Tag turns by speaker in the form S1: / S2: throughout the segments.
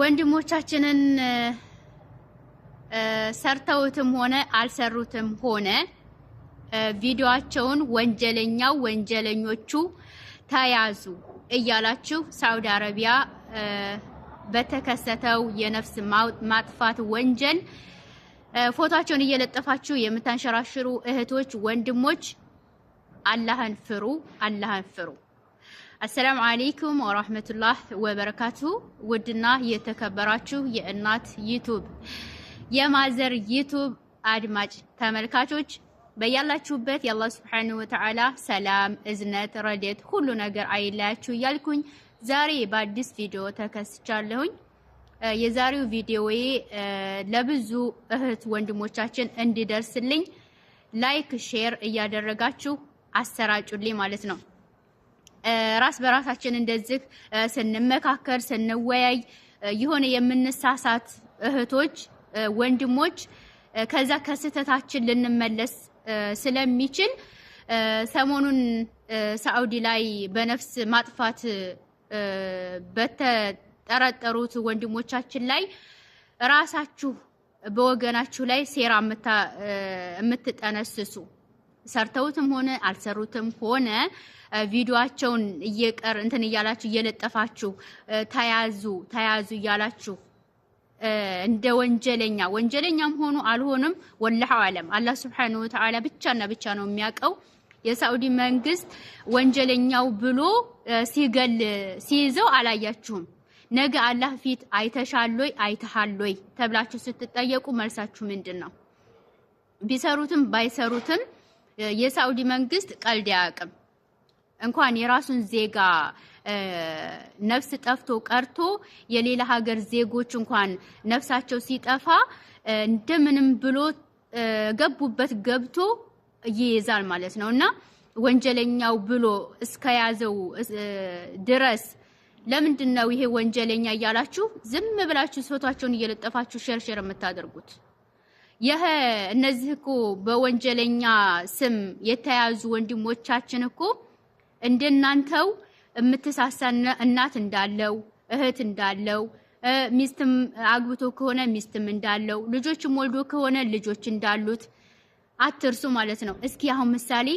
S1: ወንድሞቻችንን ሰርተውትም ሆነ አልሰሩትም ሆነ ቪዲዮአቸውን ወንጀለኛው ወንጀለኞቹ ተያዙ እያላችሁ ሳውዲ አረቢያ በተከሰተው የነፍስ ማጥፋት ወንጀል ፎቶቸውን እየለጠፋችሁ የምታንሸራሽሩ እህቶች፣ ወንድሞች አላህን ፍሩ፣ አላህን ፍሩ። አሰላሙ አሌይኩም ወራህመቱላህ ወበረካቱ። ውድና የተከበራችሁ የእናት ዩቱብ የማዘር ዩቱብ አድማጭ ተመልካቾች በያላችሁበት የአላህ ስብሐነሁ ወተዓላ ሰላም፣ እዝነት፣ ረዴት ሁሉ ነገር አይለያችሁ እያልኩኝ ዛሬ በአዲስ ቪዲዮ ተከስቻለሁኝ። የዛሬው ቪዲዮዬ ለብዙ እህት ወንድሞቻችን እንዲደርስልኝ ላይክ፣ ሼር እያደረጋችሁ አሰራጩልኝ ማለት ነው። ራስ በራሳችን እንደዚህ ስንመካከር ስንወያይ የሆነ የምንሳሳት እህቶች ወንድሞች ከዛ ከስህተታችን ልንመለስ ስለሚችል ሰሞኑን ሳዑዲ ላይ በነፍስ ማጥፋት በተጠረጠሩት ወንድሞቻችን ላይ ራሳችሁ በወገናችሁ ላይ ሴራ የምትጠነስሱ ሰርተውትም ሆነ አልሰሩትም ሆነ ቪዲዮአቸውን እየቀር እንትን እያላችሁ እየለጠፋችሁ ተያዙ ተያዙ እያላችሁ እንደ ወንጀለኛ ወንጀለኛም ሆኑ አልሆንም ወላሂ አለም አላህ ሱብሓነሁ ወተዓላ ብቻና ብቻ ነው የሚያውቀው። የሳዑዲ መንግስት ወንጀለኛው ብሎ ሲገል ሲይዘው አላያችሁም። ነገ አላህ ፊት አይተሻሎይ አይተሃሎይ ተብላችሁ ስትጠየቁ መልሳችሁ ምንድን ነው? ቢሰሩትም ባይሰሩትም የሳዑዲ መንግስት ቀልድ አያውቅም። እንኳን የራሱን ዜጋ ነፍስ ጠፍቶ ቀርቶ የሌላ ሀገር ዜጎች እንኳን ነፍሳቸው ሲጠፋ እንደምንም ብሎ ገቡበት ገብቶ ይይዛል ማለት ነው እና ወንጀለኛው ብሎ እስከያዘው ድረስ ለምንድን ነው ይሄ ወንጀለኛ እያላችሁ ዝም ብላችሁ ፎቷቸውን እየለጠፋችሁ ሸርሸር የምታደርጉት? ይህ እነዚህ እኮ በወንጀለኛ ስም የተያዙ ወንድሞቻችን እኮ እንደናንተው የምትሳሳ እናት እንዳለው እህት እንዳለው ሚስትም አግብቶ ከሆነ ሚስትም እንዳለው ልጆችም ወልዶ ከሆነ ልጆች እንዳሉት አትርሱ ማለት ነው። እስኪ አሁን ምሳሌ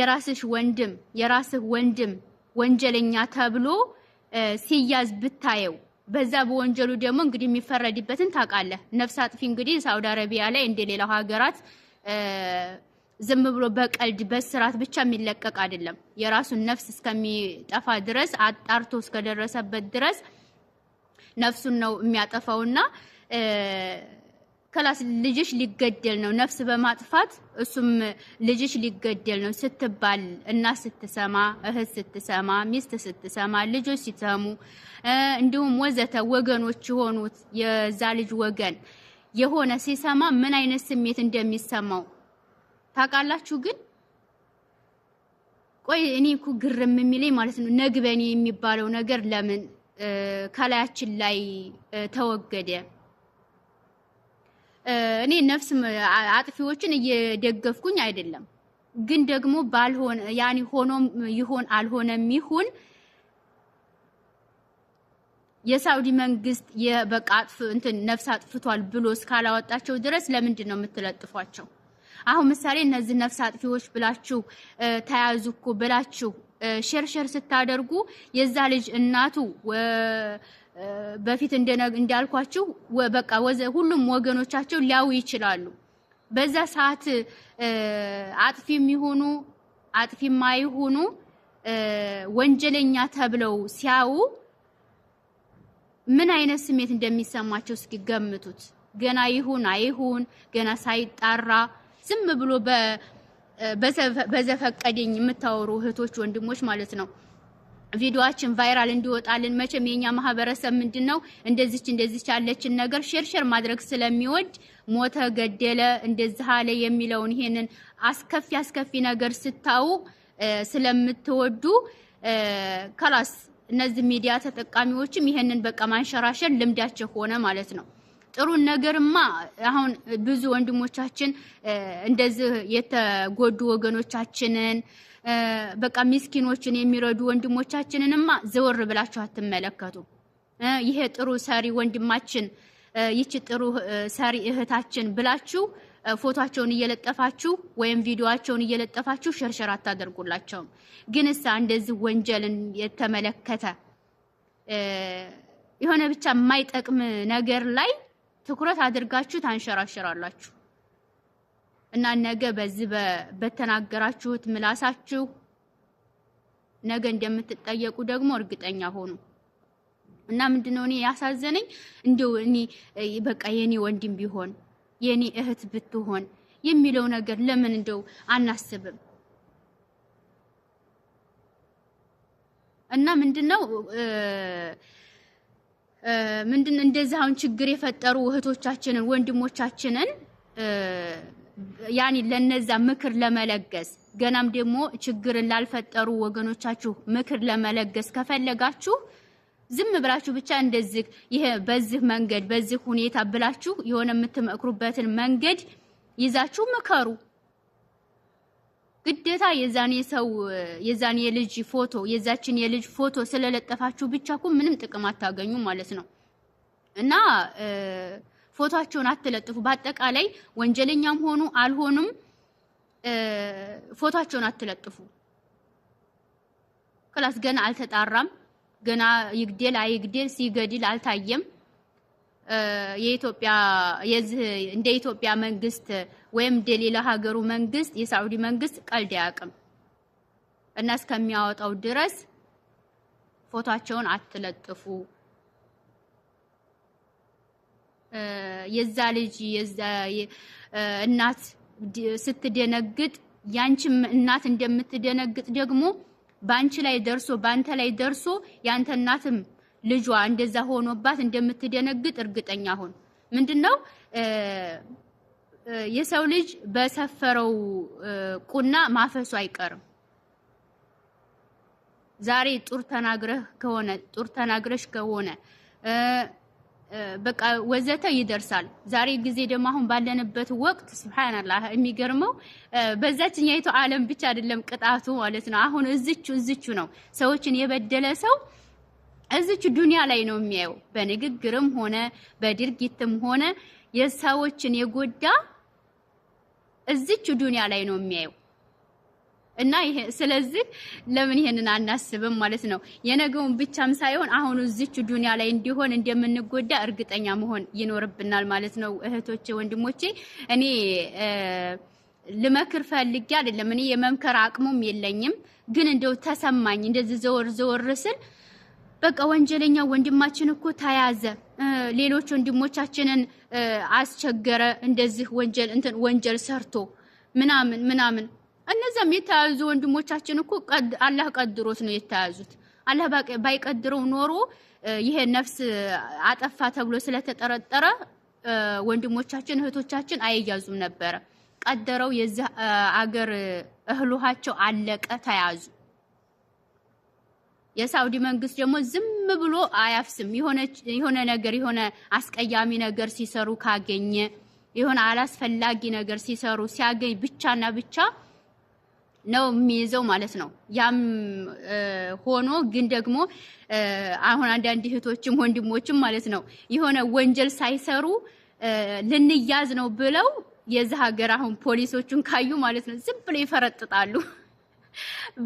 S1: የራስሽ ወንድም የራስህ ወንድም ወንጀለኛ ተብሎ ሲያዝ ብታየው በዛ በወንጀሉ ደግሞ እንግዲህ የሚፈረድበትን ታውቃለህ። ነፍስ አጥፊ እንግዲህ ሳውዲ አረቢያ ላይ እንደ ሌላው ሀገራት ዝም ብሎ በቀልድ በስራት ብቻ የሚለቀቅ አይደለም። የራሱን ነፍስ እስከሚጠፋ ድረስ አጣርቶ እስከደረሰበት ድረስ ነፍሱን ነው የሚያጠፋውና ከላስ ልጅሽ ሊገደል ነው ነፍስ በማጥፋት እሱም ልጅሽ ሊገደል ነው ስትባል እናት ስትሰማ፣ እህት ስትሰማ፣ ሚስት ስትሰማ፣ ልጆች ሲሰሙ፣ እንዲሁም ወዘተ ወገኖች የሆኑት የዛ ልጅ ወገን የሆነ ሲሰማ ምን አይነት ስሜት እንደሚሰማው ታውቃላችሁ ግን ቆይ እኔ እኮ ግርም የሚለኝ ማለት ነው ነግበኔ የሚባለው ነገር ለምን ከላያችን ላይ ተወገደ? እኔ ነፍስ አጥፊዎችን እየደገፍኩኝ አይደለም፣ ግን ደግሞ ባልሆነ ያኔ ሆኖም ይሆን አልሆነም ይሁን የሳውዲ መንግስት የበቃ አጥፍ እንትን ነፍስ አጥፍቷል ብሎ እስካላወጣቸው ድረስ ለምንድን ነው የምትለጥፏቸው? አሁን ምሳሌ እነዚህ ነፍስ አጥፊዎች ብላችሁ ተያዙ እኮ ብላችሁ ሸርሸር ስታደርጉ የዛ ልጅ እናቱ በፊት እንዳልኳችሁ በቃ ሁሉም ወገኖቻቸው ሊያዩ ይችላሉ። በዛ ሰዓት አጥፊ የሚሆኑ አጥፊ የማይሆኑ ወንጀለኛ ተብለው ሲያዩ ምን አይነት ስሜት እንደሚሰማቸው እስኪ ገምቱት። ገና ይሁን አይሁን ገና ሳይጣራ ዝም ብሎ በዘፈቀደኝ የምታወሩ እህቶች ወንድሞች ማለት ነው። ቪዲዮአችን ቫይራል እንዲወጣልን መቼም የኛ ማህበረሰብ ምንድን ነው እንደዚች እንደዚች ያለችን ነገር ሼርሼር ማድረግ ስለሚወድ ሞተ፣ ገደለ፣ እንደዚህ አለ የሚለውን ይሄንን አስከፊ አስከፊ ነገር ስታዩ ስለምትወዱ ከላስ እነዚህ ሚዲያ ተጠቃሚዎችም ይሄንን በቃ ማንሸራሸር ልምዳቸው ሆነ ማለት ነው። ጥሩ ነገርማ አሁን ብዙ ወንድሞቻችን እንደዚህ የተጎዱ ወገኖቻችንን በቃ ሚስኪኖችን የሚረዱ ወንድሞቻችንንማ ዘወር ብላችሁ አትመለከቱ። ይሄ ጥሩ ሰሪ ወንድማችን፣ ይቺ ጥሩ ሰሪ እህታችን ብላችሁ ፎቶቸውን እየለጠፋችሁ ወይም ቪዲዮቸውን እየለጠፋችሁ ሸርሸር አታደርጉላቸውም። ግን እሳ እንደዚህ ወንጀልን የተመለከተ የሆነ ብቻ የማይጠቅም ነገር ላይ ትኩረት አድርጋችሁ ታንሸራሸራላችሁ እና ነገ በዚህ በተናገራችሁት ምላሳችሁ ነገ እንደምትጠየቁ ደግሞ እርግጠኛ ሆኑ። እና ምንድነው እኔ ያሳዘነኝ እንደው እኔ በቃ የኔ ወንድም ቢሆን የኔ እህት ብትሆን የሚለው ነገር ለምን እንደው አናስብም? እና ምንድነው ምንድን እንደዚህ አሁን ችግር የፈጠሩ እህቶቻችንን ወንድሞቻችንን ያኔ ለነዛ ምክር ለመለገስ ገናም ደግሞ ችግርን ላልፈጠሩ ወገኖቻችሁ ምክር ለመለገስ ከፈለጋችሁ ዝም ብላችሁ ብቻ እንደዚህ ይሄ በዚህ መንገድ በዚህ ሁኔታ ብላችሁ የሆነ የምትመክሩበትን መንገድ ይዛችሁ ምከሩ። ግዴታ የዛኔ ሰው የዛኔ የልጅ ፎቶ የዛችን የልጅ ፎቶ ስለለጠፋችሁ ብቻ እኮ ምንም ጥቅም አታገኙ ማለት ነው። እና ፎቶቸውን አትለጥፉ። በአጠቃላይ ወንጀለኛም ሆኑ አልሆኑም ፎቶቸውን አትለጥፉ። ክላስ ገና አልተጣራም። ገና ይግደል አይግደል ሲገድል አልታየም። የኢትዮጵያ የዚህ እንደ ኢትዮጵያ መንግስት ወይም እንደ ሌላ ሀገሩ መንግስት የሳዑዲ መንግስት ቀልድ አያውቅም እና እስከሚያወጣው ድረስ ፎቶቸውን አትለጥፉ። የዛ ልጅ የዛ እናት ስትደነግጥ ያንቺም እናት እንደምትደነግጥ ደግሞ በአንቺ ላይ ደርሶ በአንተ ላይ ደርሶ ያንተ እናትም ልጇ እንደዛ ሆኖባት እንደምትደነግጥ እርግጠኛ ሁን። ምንድነው የሰው ልጅ በሰፈረው ቁና ማፈሱ አይቀርም። ዛሬ ጡር ተናግረህ ከሆነ ጡር ተናግረሽ ከሆነ በቃ ወዘተ ይደርሳል። ዛሬ ጊዜ ደግሞ አሁን ባለንበት ወቅት ስብሓንላህ የሚገርመው በዛችኛይቱ ዓለም ብቻ አይደለም ቅጣቱ ማለት ነው። አሁን እዝቹ እዝቹ ነው ሰዎችን የበደለ ሰው እዚች ዱንያ ላይ ነው የሚያየው። በንግግርም ሆነ በድርጊትም ሆነ የሰዎችን የጎዳ እዚች ዱንያ ላይ ነው የሚያየው እና ይሄ ስለዚህ ለምን ይሄንን አናስብም ማለት ነው። የነገውን ብቻም ሳይሆን አሁኑ እዚች ዱንያ ላይ እንዲሆን እንደምንጎዳ እርግጠኛ መሆን ይኖርብናል ማለት ነው። እህቶቼ፣ ወንድሞቼ እኔ ልመክር ፈልጌ አይደለም። እኔ የመምከር አቅሙም የለኝም፣ ግን እንደው ተሰማኝ እንደዚህ ዘወር ዘወር ስል በቃ ወንጀለኛ ወንድማችን እኮ ተያዘ፣ ሌሎች ወንድሞቻችንን አስቸገረ፣ እንደዚህ ወንጀል እንትን ወንጀል ሰርቶ ምናምን ምናምን። እነዚያም የተያዙ ወንድሞቻችን እኮ አላህ ቀድሮት ነው የተያዙት። አላህ ባይቀድረው ኖሮ ይሄ ነፍስ አጠፋ ተብሎ ስለተጠረጠረ ወንድሞቻችን እህቶቻችን አይያዙም ነበረ። ቀደረው የዚህ አገር እህል ውሃቸው አለቀ፣ ተያዙ። የሳውዲ መንግስት ደግሞ ዝም ብሎ አያፍስም። የሆነ ነገር የሆነ አስቀያሚ ነገር ሲሰሩ ካገኘ የሆነ አላስፈላጊ ነገር ሲሰሩ ሲያገኝ ብቻና ብቻ ነው የሚይዘው ማለት ነው። ያም ሆኖ ግን ደግሞ አሁን አንዳንድ እህቶችም ወንድሞችም ማለት ነው የሆነ ወንጀል ሳይሰሩ ልንያዝ ነው ብለው የዚህ ሀገር አሁን ፖሊሶቹን ካዩ ማለት ነው ዝም ብለው ይፈረጥጣሉ።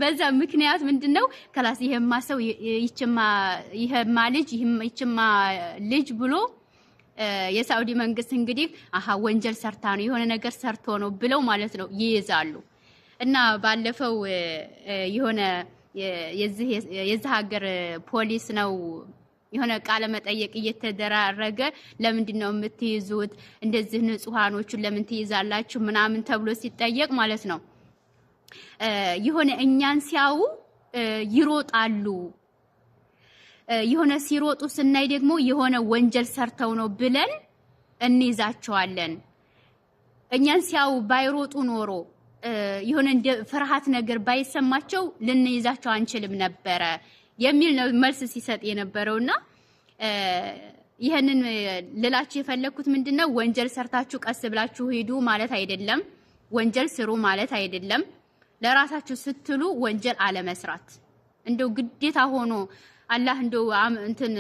S1: በዛ ምክንያት ምንድን ነው ከላስ ይሄማ ሰው ይሄማ ልጅ ይችማ ልጅ ብሎ የሳውዲ መንግስት እንግዲህ አሀ ወንጀል ሰርታ ነው የሆነ ነገር ሰርቶ ነው ብለው ማለት ነው ይይዛሉ። እና ባለፈው የሆነ የዚህ ሀገር ፖሊስ ነው የሆነ ቃለ መጠየቅ እየተደራረገ ለምንድን ነው የምትይዙት? እንደዚህ ንጹሃኖቹን ለምን ትይዛላችሁ? ምናምን ተብሎ ሲጠየቅ ማለት ነው የሆነ እኛን ሲያዩ ይሮጣሉ። የሆነ ሲሮጡ ስናይ ደግሞ የሆነ ወንጀል ሰርተው ነው ብለን እንይዛቸዋለን። እኛን ሲያዩ ባይሮጡ ኖሮ የሆነ ፍርሃት ነገር ባይሰማቸው ልንይዛቸው አንችልም ነበረ የሚል ነው መልስ ሲሰጥ የነበረው እና ይህንን ልላችሁ የፈለግኩት ምንድነው ወንጀል ሰርታችሁ ቀስ ብላችሁ ሂዱ ማለት አይደለም። ወንጀል ስሩ ማለት አይደለም። ለራሳችሁ ስትሉ ወንጀል አለመስራት እንደው ግዴታ ሆኖ አላህ እንደው እንትን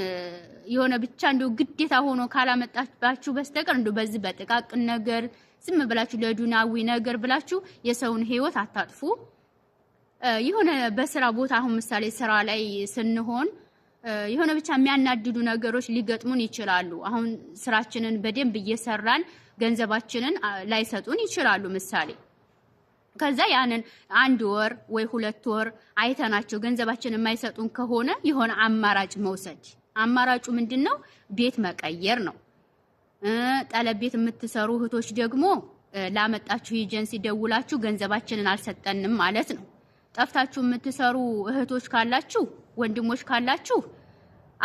S1: የሆነ ብቻ እንደው ግዴታ ሆኖ ካላመጣባችሁ በስተቀር እንደው በዚህ በጥቃቅን ነገር ዝም ብላችሁ ለዱናዊ ነገር ብላችሁ የሰውን ህይወት አታጥፉ። የሆነ በስራ ቦታ አሁን ምሳሌ ስራ ላይ ስንሆን የሆነ ብቻ የሚያናድዱ ነገሮች ሊገጥሙን ይችላሉ። አሁን ስራችንን በደንብ እየሰራን ገንዘባችንን ላይሰጡን ይችላሉ ምሳሌ ከዛ ያንን አንድ ወር ወይ ሁለት ወር አይተናቸው ገንዘባችን የማይሰጡን ከሆነ የሆነ አማራጭ መውሰድ። አማራጩ ምንድን ነው? ቤት መቀየር ነው። ጠለብ ቤት የምትሰሩ እህቶች ደግሞ ላመጣችሁ ኤጀንሲ ደውላችሁ ገንዘባችንን አልሰጠንም ማለት ነው። ጠፍታችሁ የምትሰሩ እህቶች ካላችሁ፣ ወንድሞች ካላችሁ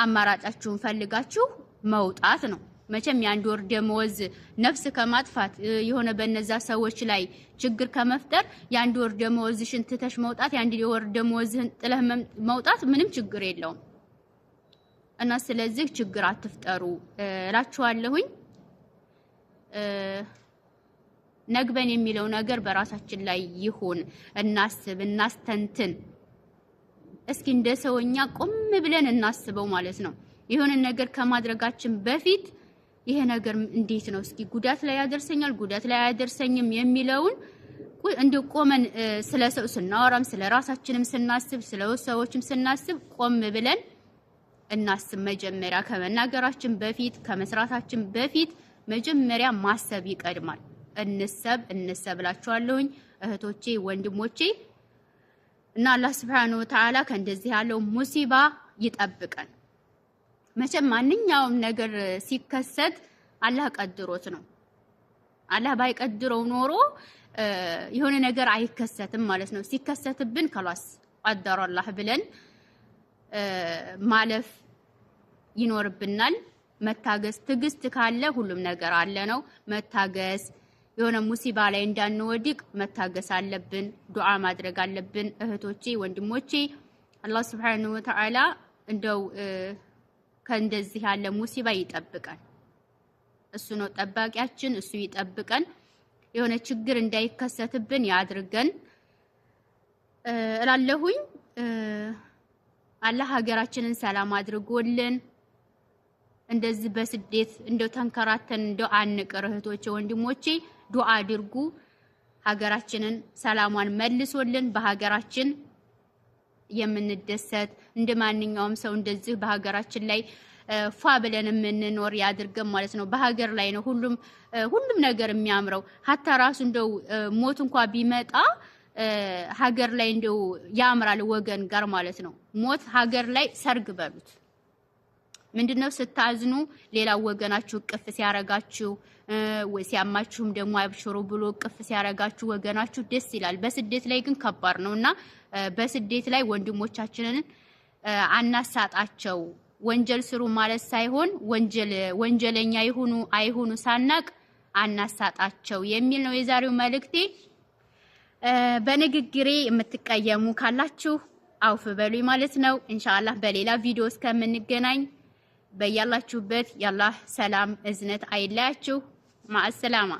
S1: አማራጫችሁን ፈልጋችሁ መውጣት ነው። መቼም የአንድ ወር ደመወዝ ነፍስ ከማጥፋት የሆነ በነዛ ሰዎች ላይ ችግር ከመፍጠር የአንድ ወር ደመወዝሽን ትተሽ መውጣት፣ የአንድ ወር ደመወዝህን ጥለህ መውጣት ምንም ችግር የለውም እና ስለዚህ ችግር አትፍጠሩ እላችኋለሁኝ። ነግበን የሚለው ነገር በራሳችን ላይ ይሁን። እናስብ፣ እናስተንትን። እስኪ እንደ ሰውኛ ቆም ብለን እናስበው ማለት ነው። የሆነ ነገር ከማድረጋችን በፊት ይሄ ነገር እንዴት ነው? እስኪ ጉዳት ላይ ያደርሰኛል፣ ጉዳት ላይ አያደርሰኝም የሚለውን እንደ ቆመን ስለ ሰው ስናወራም ስለ ራሳችንም ስናስብ ስለ ሰዎችም ስናስብ ቆም ብለን እናስብ። መጀመሪያ ከመናገራችን በፊት ከመስራታችን በፊት መጀመሪያ ማሰብ ይቀድማል። እንሰብ እንሰብ እህቶቼ ወንድሞቼ እና አላህ ስብሐነሁ ወተዓላ ከእንደዚህ ያለው ሙሲባ ይጠብቀን። መቼም ማንኛውም ነገር ሲከሰት አላህ ቀድሮት ነው። አላህ ባይቀድረው ኖሮ የሆነ ነገር አይከሰትም ማለት ነው። ሲከሰትብን ከላስ ቀደረ አላህ ብለን ማለፍ ይኖርብናል። መታገስ፣ ትዕግስት ካለ ሁሉም ነገር አለ ነው። መታገስ የሆነ ሙሲባ ላይ እንዳንወድቅ መታገስ አለብን። ዱዓ ማድረግ አለብን። እህቶቼ፣ ወንድሞቼ አላህ ስብሐነሁ ወተዓላ እንደው ከእንደዚህ ያለ ሙሲባ ይጠብቀን። እሱ ነው ጠባቂያችን፣ እሱ ይጠብቀን። የሆነ ችግር እንዳይከሰትብን ያድርገን እላለሁኝ። አላህ ሀገራችንን ሰላም አድርጎልን እንደዚህ በስደት እንደው ተንከራተን እንደው አንቅር። እህቶቼ ወንድሞቼ፣ ዱዓ አድርጉ ሀገራችንን ሰላሟን መልሶልን በሀገራችን የምንደሰት እንደ ማንኛውም ሰው እንደዚህ በሀገራችን ላይ ፏ ብለን የምንኖር ያድርገን ማለት ነው። በሀገር ላይ ነው ሁሉም ሁሉም ነገር የሚያምረው። ሀታ ራሱ እንደው ሞት እንኳ ቢመጣ ሀገር ላይ እንደው ያምራል ወገን ጋር ማለት ነው። ሞት ሀገር ላይ ሰርግ በሉት ምንድነው? ስታዝኑ ሌላ ወገናችሁ ቅፍ ሲያረጋችሁ፣ ሲያማችሁም ደግሞ አብሽሩ ብሎ ቅፍ ሲያረጋችሁ ወገናችሁ ደስ ይላል። በስደት ላይ ግን ከባድ ነው እና በስደት ላይ ወንድሞቻችንን አናሳጣቸው። ወንጀል ስሩ ማለት ሳይሆን ወንጀል ወንጀለኛ ይሁኑ አይሁኑ ሳናቅ አናሳጣቸው የሚል ነው የዛሬው መልእክቴ። በንግግሬ የምትቀየሙ ካላችሁ አውፍ በሉኝ ማለት ነው። ኢንሻአላህ በሌላ ቪዲዮ እስከምንገናኝ በያላችሁበት ያላህ ሰላም እዝነት አይለያችሁ። ማአሰላማ